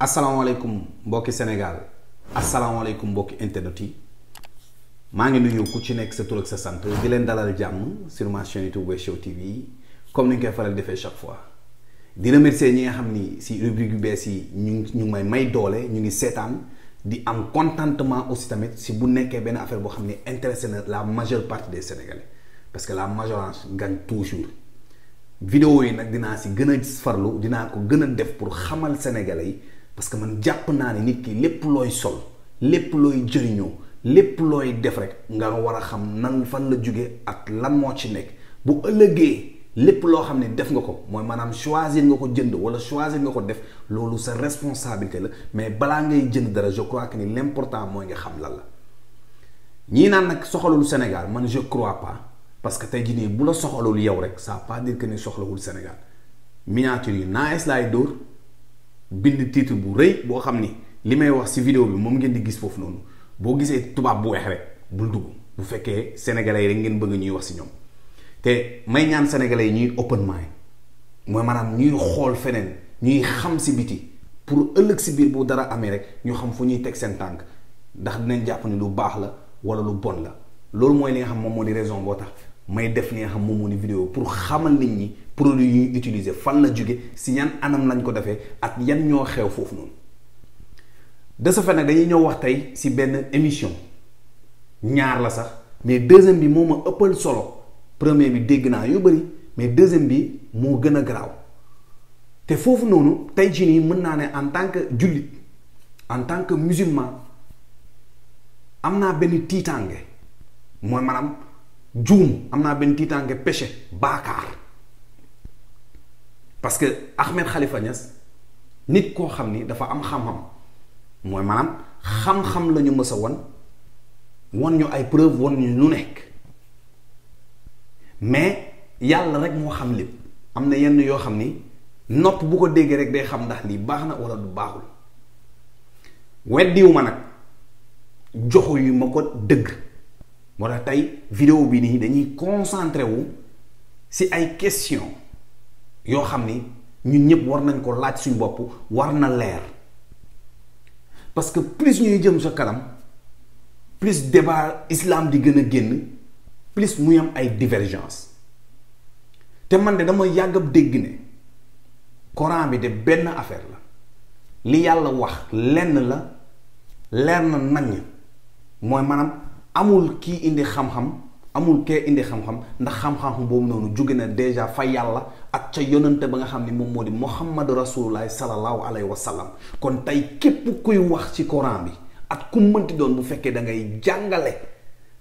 asalaamaaleykum mbokki Sénégal asalaamaaleykum mbokki internet yi maa ngi nuyu ku ci nekk sa tur ak sa sant di leen dalal jàmm sur ma chaîne YouTube Wes Show TV comme ni ñu koy faral defee chaque fois di remercier ñi nga xam ni si rubrique yu bees yi ñu ngi ñu may may doole ñu ngi seetaan di am contentement aussi tamit si bu nekkee benn affaire boo xam ne intéressé na la majeure partie des Sénégalais parce que la majorité gagne toujours vidéo yi nag dinaa si gën a farlu dinaa ko gën a def pour xamal Sénégalais yi parce que man jàpp naa ne nit kii lépp looy sol lépp looy jëriñoo lépp looy def rek nga war a xam nan fan la jóge ak lan moo ci nekk bu ëllëgee lépp loo xam ne def nga ko mooy maanaam choisir nga ko jënd wala choisir nga ko def loolu sa responsabilité la mais balaa ngay jënd dara je crois que ni l'important mooy nga xam lal la ñii naan nag soxalul Sénégal man je crois pas parce que tey jii bu la soxalul yow rek ça pas dire que ni soxlawul Sénégal bind tiitu bu rëy boo xam ni li may wax ci vidéo bi moom ngeen di gis foofu noonu boo gisee tubaab bu weex rek bul dugg bu fekkee sénégalais yi ngeen bëgg ñuy wax ci ñoom te may ñaan sénégalais yi ñuy open mind mooy maanaam ñuy xool feneen ñuy xam ci biti pour ëllëg ci biir bu dara amee rek ñu xam fu ñuy teg seen tànk ndax dinañ jàpp ni lu baax la walla lu bon la loolu mooy li nga xam moom moo di raison boo tax may def li xam moom moo ni vidéo pour xamal nit ñi produit yu ñu utiliser fan la jóge si yan anam lañ ko defee ak yan ñoo xew foofu noonu de ce nag dañuy ñëw wax tey si benn émission ñaar la sax mais deuxième bi moo ma ëppal solo premier bi dégg naa yu bëri mais deuxième bi moo gën a garaaw te foofu noonu tey ci nii mën naa ne en tant que jullit en tant que musulman am naa benn tiitaange mooy maanaam juum am naa benn tiitaange péché baakaar parce que Ahmed Khalifa Niass nit koo xam ni dafa am xamam xam mooy maanaam xam-xam la ñu mës won won ñu ay preuve won ñu lu nekk mais yàlla rek moo xam lépp am na yenn yoo xam ni nopp bu ko déggee rek day xam ndax lii baax na wala du baaxul weddiwu ma nag joxo yu ma ko dëgg moo tax tey vidéo bi nii dañuy concentré wu si ay question yoo xam ni ñun ñëpp war nañ ko laaj suñu bopp war na leer parce que plus ñuy jëm sa kanam plus débat islam di gën a génn plus muy am ay divergence te man de dama yàggab dégg ne Coran bi de benn affaire la li yàlla wax lenn la leer na nañ mooy maanaam amul kii indi xam-xam amul kee indi xam-xam ndax xam-xam boobu noonu jóge na déjà fa yàlla ak ca yonante ba nga xam ni moom moo di muhammad rasulullah sallallahu alayhi wa sallam kon tey képp kuy wax ci Coran bi ak ku mënti doon bu fekkee da ngay jàngale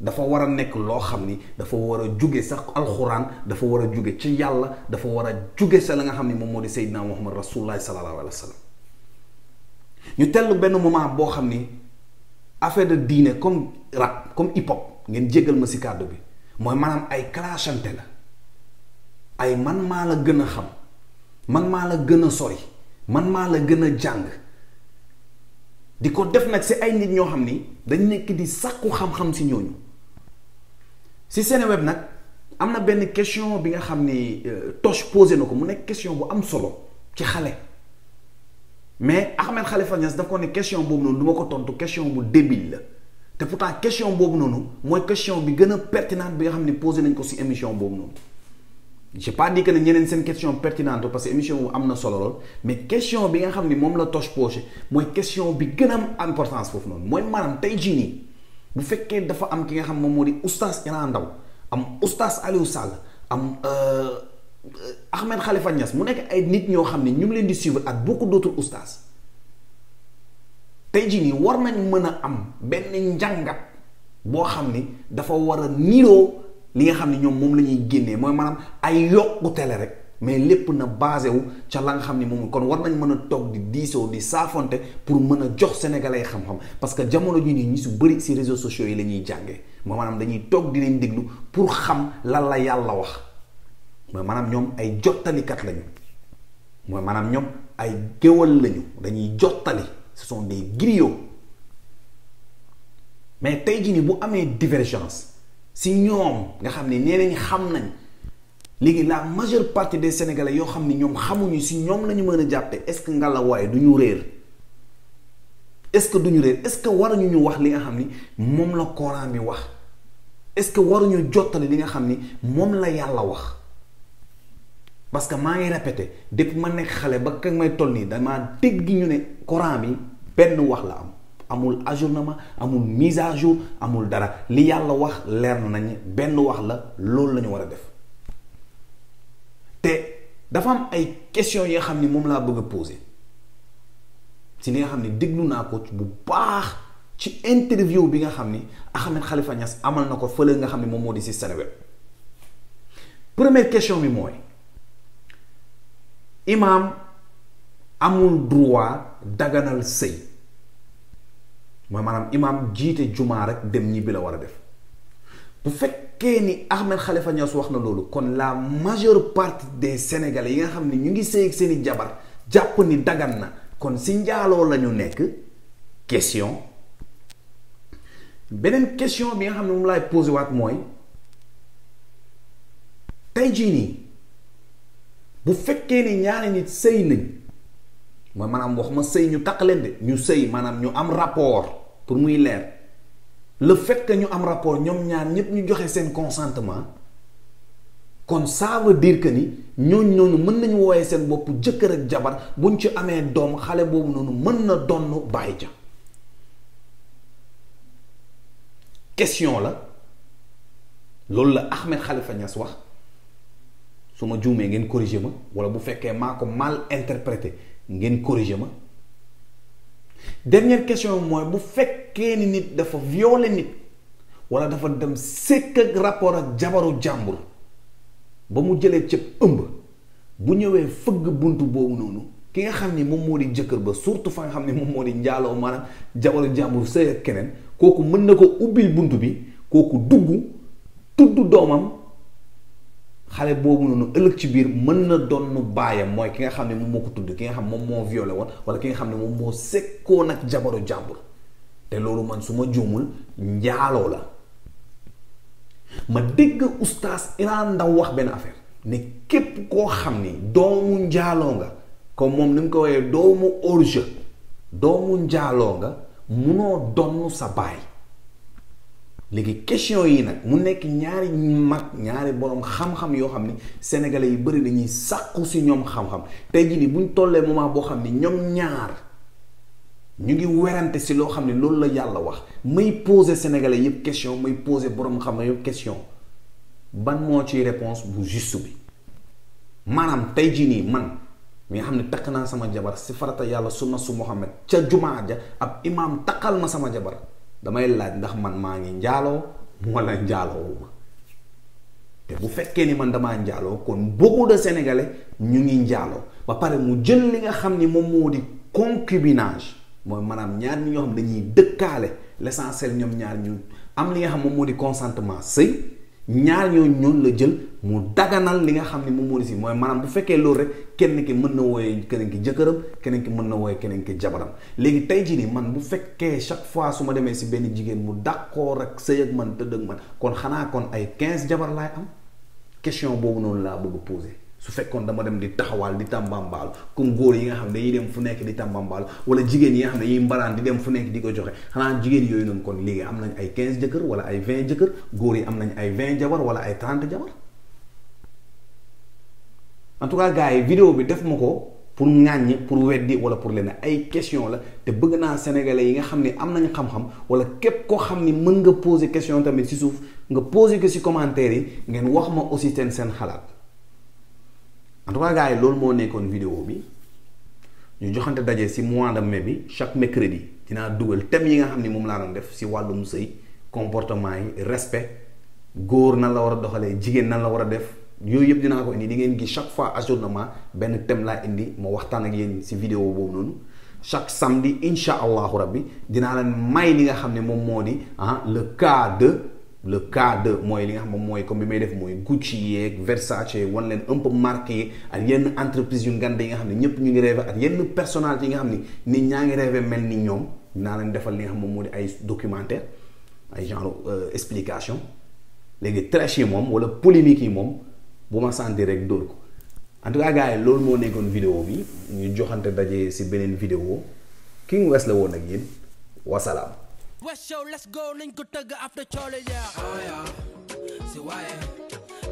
dafa war a nekk loo xam ni dafa war a jóge sax alxuraan dafa war a jóge ci yàlla dafa war a jóge sa la xam ni moom moo di sayyidina muhammad rasulullah sallallahu alayhi wa sallam ñu tellu benn moment boo xam ni affaire de diine comme rap comme hip hop ngeen jéggal ma si kàddu bi mooy maanaam ay clashante la ay man maa la gën a xam man maa la gën a sori man maa la gën a jàng di ko def nag si ay nit ñoo xam ni dañ nekk di sàkku xam-xam si ñooñu si Seneweb nag am na benn question bi nga xam ni euh, Toch posé na ko mu nekk question bu am solo ci xale mais Ahmed Khalifa Niass daf ko ne question boobu noonu du ma ko tontu question bu débile la te pourtant question boobu noonu mooy question bi gën a pertinante bi nga xam ne posé nañ ko si émission boobu noonu j'ai pas dit que ne ñeneen seen question pertinente parce que émission bu am na solo lool mais question bi nga xam ne moom la Toch posé mooy question bi gën a am importance foofu noonu mooy maanaam tey jii bu fekkee dafa am ki nga xam moom moo di oustaz Iran Ndaw am oustaz Aliou Sall am. Euh, Euh, Ahmed Khalifa Niass mu nekk ay nit ñoo xam ne ñu ngi leen di suivre ak beaucoup d'autres ostaas tey jii nii war nañ mën a am benn njàngat boo xam ni dafa war a niroo li nga xam ne ñoom moom la ñuy génnee mooy maanaam ay yokkute la rek mais lépp na basé wu ca la nga xam ni moom kon war nañ mën a toog di diisoo di saafonte pour mën a jox sénégalais xam-xam parce que jamono ji nii ñu si bëri si réseau sociaux yi la ñuy jàngee mooy maanaam dañuy toog dinañ leen déglu pour xam lan la yàlla wax. mooy maanaam ñoom ay jottalikat lañu mooy maanaam ñoom ay géwal lañu dañuy jottali ce sont des griots mais tey jii nii bu amee divergence si ñoom nga xam ne nee nañ xam nañ léegi la majeure partie des sénégalais yoo xam ni ñoom xamuñu si ñoom la ñu mën a jàppee est-ce que ngalla waaye du ñu réer est-ce que du ñu est-ce que waruñu ñu wax li nga xam ni moom la Coran bi wax est-ce que waruñu jottali li nga xam ni moom la yàlla wax. parce que maa ngi répété depuis ma nekk xale ba kañ may toll nii damaa dégg ñu ne Coran bi benn wax la am amul ajournement amul mise à jour amul dara li yàlla wax leer nañ benn wax la loolu lañu war a def te dafa am ay questions yoo xam ni moom laa bëgg a poser ci li nga xam ne déglu naa ko bu baax ci interview bi nga xam ni Ahmed Khalifa Niass amal na ko fële nga xam ne moom moo di si Seneweb première question bi mooy. imaam amul droit daganal sëy mooy maanaam imaam jiite jumaa rek dem ñibbi la war a def bu fekkee ni Ahmed Khalifa Niass wax na loolu kon la majeure partie des sénégalais yi nga xam ne ñu ngi sëy ak seeni jabar jàpp ni dagan na kon si njaaloo lañu nekk question beneen question bi nga xam ne moom laay posé mooy tey jii nii bu fekkee ni ñaari nit sëy nañ mooy maanaam wax ma sëy ñu takk leen de ñu sëy maanaam ñu am rapport pour muy leer la fekk ñu am rapport ñoom ñaan ñépp ñu joxe seen consentement kon ça veut dire que ni ñooñ noonu mën nañu wooyee seen boppu jëkkër ak jabar buñ ci amee doom xale boobu noonu mën na donn bàyyi ja question la loolu la Ahmed Khalifa Niass wax su ma juumee ngeen corriger ma wala bu fekkee maa ko mal interprété ngeen corriger ma dernière question mooy bu fekkee ni nit dafa violer nit wala dafa dem sekk ak rapport ak jabaru jàmbur ba mu jëlee ca ëmb bu ñëwee fëgg bunt boobu noonu ki nga xam ni moom moo di jëkkër ba surtout fa nga xam ni moom moo di njaaloo maanaam jabaru jàmbur sëy ak keneen kooku mën na ko ubbil bunt bi kooku dugg tudd doomam xale boobu noonu ëllëg ci biir mën na doon baayam mooy ki nga xam ne moom moo ko tudd ki nga xam moom moo violé woon wala ki nga xam ne moom moo sekkoon nag jabaru jàmbur te loolu man su ma juumul njaaloo la ma dégg oustaz inaan Ndaw wax benn affaire ne képp koo xam ni doomu njaaloo nga comme moom ni mu ko woyee doomu hors-jeu doomu njaaloo nga munoo donn sa baay léegi question yi nag mu nekk ñaari mag ñaari borom xam-xam yoo xam ni sénégalais yu bëri dañuy sàkku si ñoom xam-xam tey jii nii buñ tollee moment boo xam ne ñoom ñaar ñu ngi werante si loo xam ne loolu la yàlla wax may poser sénégalais yëpp question may poser borom xam-xam yëpp question ban moo ci réponse bu juste bi maanaam tey jii nii man mi nga xam ne takk naa sama jabar si farata yàlla sunna su Muhammad ca jumaa ja ab imaam taqal ma sama jabar. damay laaj ndax man maa ngi njaaloo wala njaaloowuma te bu fekkee ni man damaa njaaloo kon beaucoup de sénégalais ñu ngi njaaloo ba pare mu jël li nga xam ni moom moo di concubinage mooy maanaam ñaar ñi ñoo xam dañuy dëkkaale l'essentiel ñoom ñaar ñu am li nga xam moom moo di consentement sëy ñaar ñooñu ñoon la jël mu daganal li nga xam ne moom moo si mooy maanaam bu fekkee loolu rek kenn ki mën na wooyee keneen ki jëkkëram keneen ki mën na wooye keneen ki jabaram léegi tey jii nii man bu fekkee chaque fois su ma demee si benn jigéen mu d'accord ak sëy ak man tëdd ak man kon xanaa kon ay quinze jabar laay am question boobu noonu laa bëgg poser su fekkoon dama dem di taxawaal di tàmbambaal comme góor yi nga xam ne dañuy dem fu nekk di tàmbambaal wala jigéen yi nga xam ne dañuy mbaraan di dem fu nekk di ko joxe xanaa jigéen yooyu noonu kon léegi am nañ ay quinze jëkkër wala ay vingt jëkkër góor yi am nañ ay vingt jabar wala ay trente jabar en tout cas gars yi vidéo bi def ma ko pour ŋàññi pour weddi wala pour leneen ay question la te bëgg naa sénégalais yi nga xam ne am nañ xam-xam wala képp koo xam ni mën nga poser question tamit si suuf nga poser ko si commentaire yi ngeen wax ma aussi seen seen xalaat en tout yi loolu moo nekkoon video bi ñu joxante daje si mois de mai bi chaque mercredi dinaa dugal thème yi nga xam ni moom laa doon def si wàllum sëy comportement yi respect góor nan la war a doxalee jigéen nan la war a def yooyu yëpp dinaa ko indi di ngeen gis chaque fois ajournement benn thème laa indi ma waxtaan ak yéen si vidéo boobu noonu chaque samedi incha allahu rabbi dinaa leen may li nga xam ne moom moo di ah le cas de. le cas de mooy li nga xam moom mooy comme bi may def mooy Gucci yeeg Versace wan leen un peu marqué ak yenn entreprise yu ngande yi nga xam ne ñëpp ñu ngi rêvé ak yenn personnalité yi nga xam ne nit ñaa ngi rêvé mel ni ñoom naa leen defal li nga xam moom moo di ay documentaire ay genre euh, explication léegi trash yi moom wala polémique yi moom bu ma sentir rek dóor ko en tout cas yi loolu moo nekkoon vidéo bi ñuy joxante daje si beneen vidéo King wes la woon ak yéen wasalaam. West Show let's go nañ ko tëgg after coole ya oh, aya si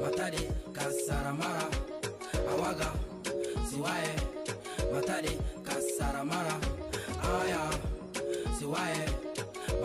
matadi kasaramara awaga si matadi kasaramara oh, aya si